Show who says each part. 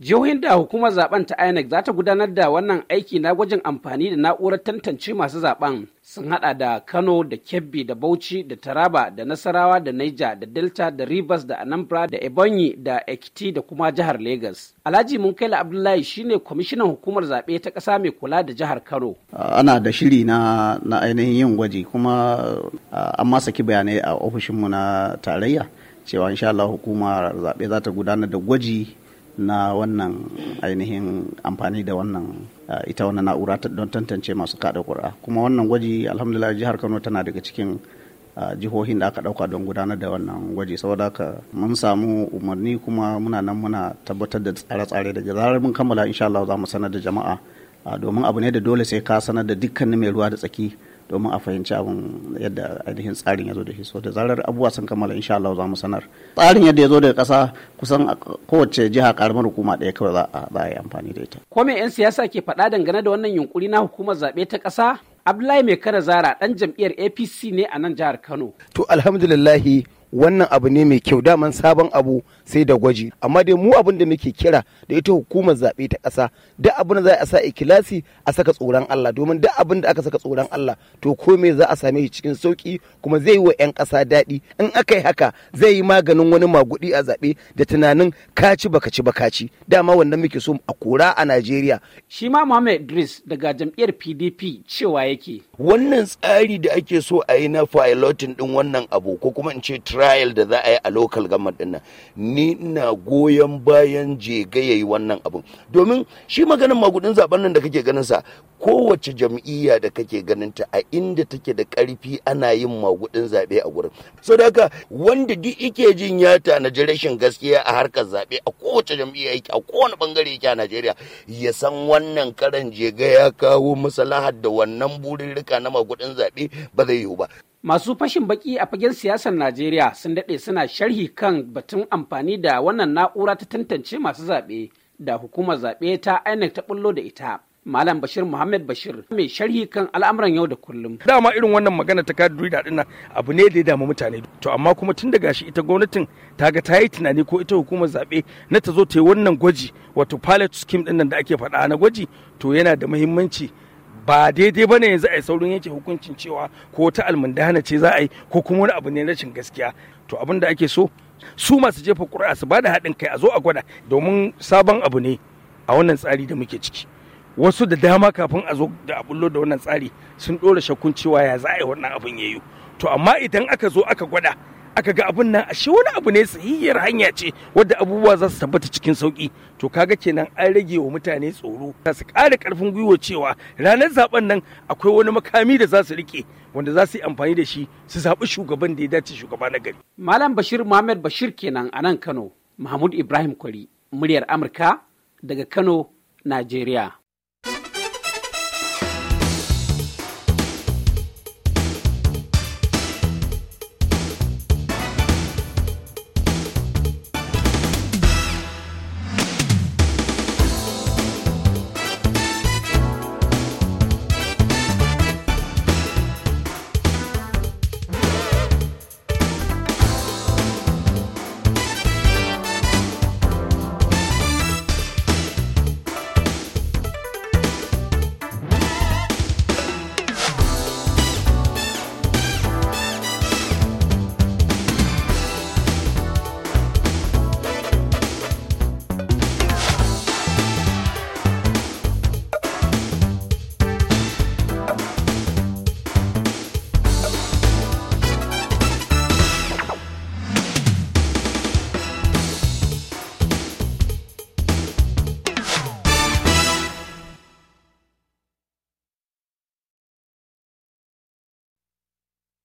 Speaker 1: Jihohin da hukumar zaben ta INEC za ta gudanar da wannan aiki na gwajin amfani da na'urar tantance masu zaben sun hada da Kano da Kebbi da Bauchi da Taraba da Nasarawa da Niger da Delta da Rivers da Anambra da Ebonyi da Ekiti da kuma jihar Lagos. Alhaji Munkaila Abdullahi shine kwamishinan hukumar zaɓe ta ƙasa mai kula da jihar Kano.
Speaker 2: Ana da shiri na, na ainihin yin gwaji kuma an ma saki bayanai a ofishinmu na tarayya cewa insha Allah hukumar zaɓe za ta gudanar da gwaji na wannan ainihin amfani da wannan ah, ita wannan na'ura don tantance masu kada ƙuri'a kuma wannan gwaji alhamdulillah jihar kano tana daga cikin ah, jihohin da aka dauka don gudanar da wannan gwaji saboda haka mun samu umarni kuma muna nan muna tabbatar da tsare-tsare da zarar mun kammala insha Allah za mu sanar da jama'a ah, domin abu ne da dole sai ka sanar da dukkanin mai ruwa da tsaki domin a fahimci abin yadda ainihin tsarin ya zo da shi so da zarar abubuwa sun kammala insha Allah za mu sanar tsarin yadda ya zo daga ƙasa kusan kowace jiha karamar hukuma ɗaya kawai za a yi amfani da ita
Speaker 1: ko me yan siyasa ke faɗa dangane da wannan yunkuri na hukumar zaɓe ta ƙasa Abdullahi Mai Kara Zara ɗan jam'iyyar APC ne a nan jihar Kano
Speaker 3: to alhamdulillahi wannan abu ne mai kyau daman sabon abu sai da gwaji amma dai mu abin da muke kira da ita hukumar zaɓe ta ƙasa duk abin da za a sa ikilasi a saka tsoron Allah domin da abin da aka saka tsoron Allah to ko me za a same shi cikin sauki kuma zai yi wa 'yan ƙasa daɗi in aka yi haka zai yi maganin wani magudi a zaɓe da tunanin kaci baka ci baka ci dama
Speaker 4: wannan muke so a kora a Najeriya.
Speaker 1: Shi ma Muhammad Idris daga jam'iyyar PDP cewa yake.
Speaker 4: Wannan tsari da ake so a yi na filotin ɗin wannan abu ko kuma in ce trial da za a yi a local government dinnan ni ina goyon bayan jega yayi wannan abun domin shi maganin magudin zaben nan da kake ganin sa kowace jam'iyya da kake ganin ta a inda take da karfi ana yin magudin zabe a gurin so da wanda duk yake jin ya tanaji rashin gaskiya a harkar zabe a kowace jam'iyya yake a kowane bangare yake a Najeriya ya san wannan karan jega ya kawo maslahar da wannan
Speaker 1: burin na magudin zabe ba zai yiwu ba Masu fashin baki a fagen siyasar Najeriya sun daɗe suna sharhi kan batun amfani da wannan na'ura ta tantance masu zaɓe da hukumar zaɓe ta INEC ta ɓullo da ita. Malam Bashir Muhammad Bashir mai sharhi kan
Speaker 5: al'amuran yau da kullum. Dama irin wannan magana ta kaduri da dinnan abu ne da ya damu mutane. To amma kuma tun da gashi ita gwamnatin ta ga ta yi tunani ko ita hukumar zaɓe na ta zo ta yi wannan gwaji wato pilot scheme ɗin da ake faɗa na gwaji to yana da muhimmanci ba daidai ba ne yanzu a yi saurin yanke hukuncin cewa ko ta almundana ce za a yi ko kuma wani abu ne rashin gaskiya to abin da ake so su masu jefa ƙuri'a su bada haɗin kai a zo a gwada domin sabon abu ne a wannan tsari da muke ciki wasu da dama kafin a zo da abullo da wannan tsari sun ɗora shakkun cewa ya za a yi wannan abin yayu to amma idan aka zo aka gwada aka ga abun nan ashe wani abu ne sahihiyar hanya ce wadda abubuwa za su tabbata cikin sauki to kaga kenan an rage wa mutane tsoro za su ƙara ƙarfin gwiwa cewa ranar zaben nan akwai wani makami da za su rike wanda za su yi amfani da shi su zaɓi shugaban da ya dace shugaba na gari.
Speaker 1: Malam Bashir Muhammad Bashir kenan a nan Kano, Mahmud Ibrahim Kwari, muryar Amurka daga Kano, Najeriya.